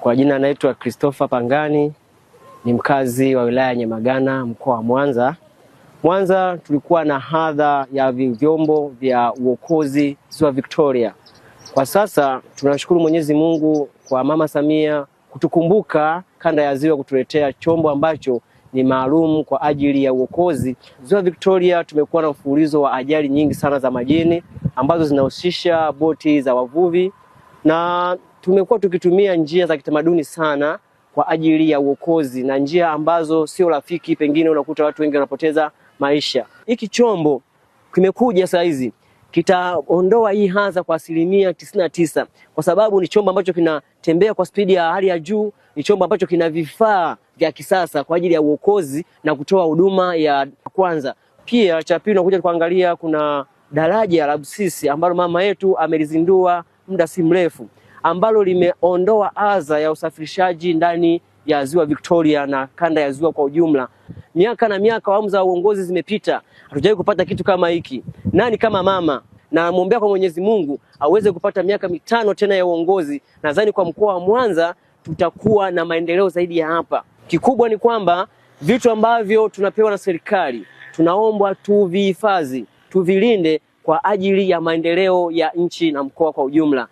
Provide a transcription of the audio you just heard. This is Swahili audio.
Kwa jina naitwa Christopher Pangani, ni mkazi wa wilaya ya Nyamagana, mkoa wa Mwanza. Mwanza tulikuwa na hadha ya vyombo vya uokozi ziwa Victoria. Kwa sasa tunashukuru Mwenyezi Mungu kwa Mama Samia kutukumbuka kanda ya ziwa, kutuletea chombo ambacho ni maalum kwa ajili ya uokozi. Ziwa Victoria tumekuwa na mfululizo wa ajali nyingi sana za majini ambazo zinahusisha boti za wavuvi na tumekuwa tukitumia njia za kitamaduni sana kwa ajili ya uokozi na njia ambazo sio rafiki, pengine unakuta watu wengi wanapoteza maisha. Hiki chombo kimekuja saa hizi kitaondoa hii hadha kwa asilimia tisini na tisa kwa sababu ni chombo ambacho kinatembea kwa spidi ya hali ya juu. Ni chombo ambacho kina vifaa vya kisasa kwa ajili ya uokozi na kutoa huduma ya kwanza. Pia cha pili, unakuja kuangalia kuna daraja la Busisi ambalo mama yetu amelizindua muda si mrefu ambalo limeondoa adha ya usafirishaji ndani ya ziwa Victoria na kanda ya ziwa kwa ujumla. Miaka na miaka awamu za uongozi zimepita, hatujawahi kupata kitu kama hiki. Nani kama mama? Na muombea kwa Mwenyezi Mungu aweze kupata miaka mitano tena ya uongozi. Nadhani kwa mkoa wa Mwanza tutakuwa na maendeleo zaidi ya hapa. Kikubwa ni kwamba vitu ambavyo tunapewa na serikali tunaombwa tuvihifadhi, tuvilinde kwa ajili ya maendeleo ya nchi na mkoa kwa ujumla.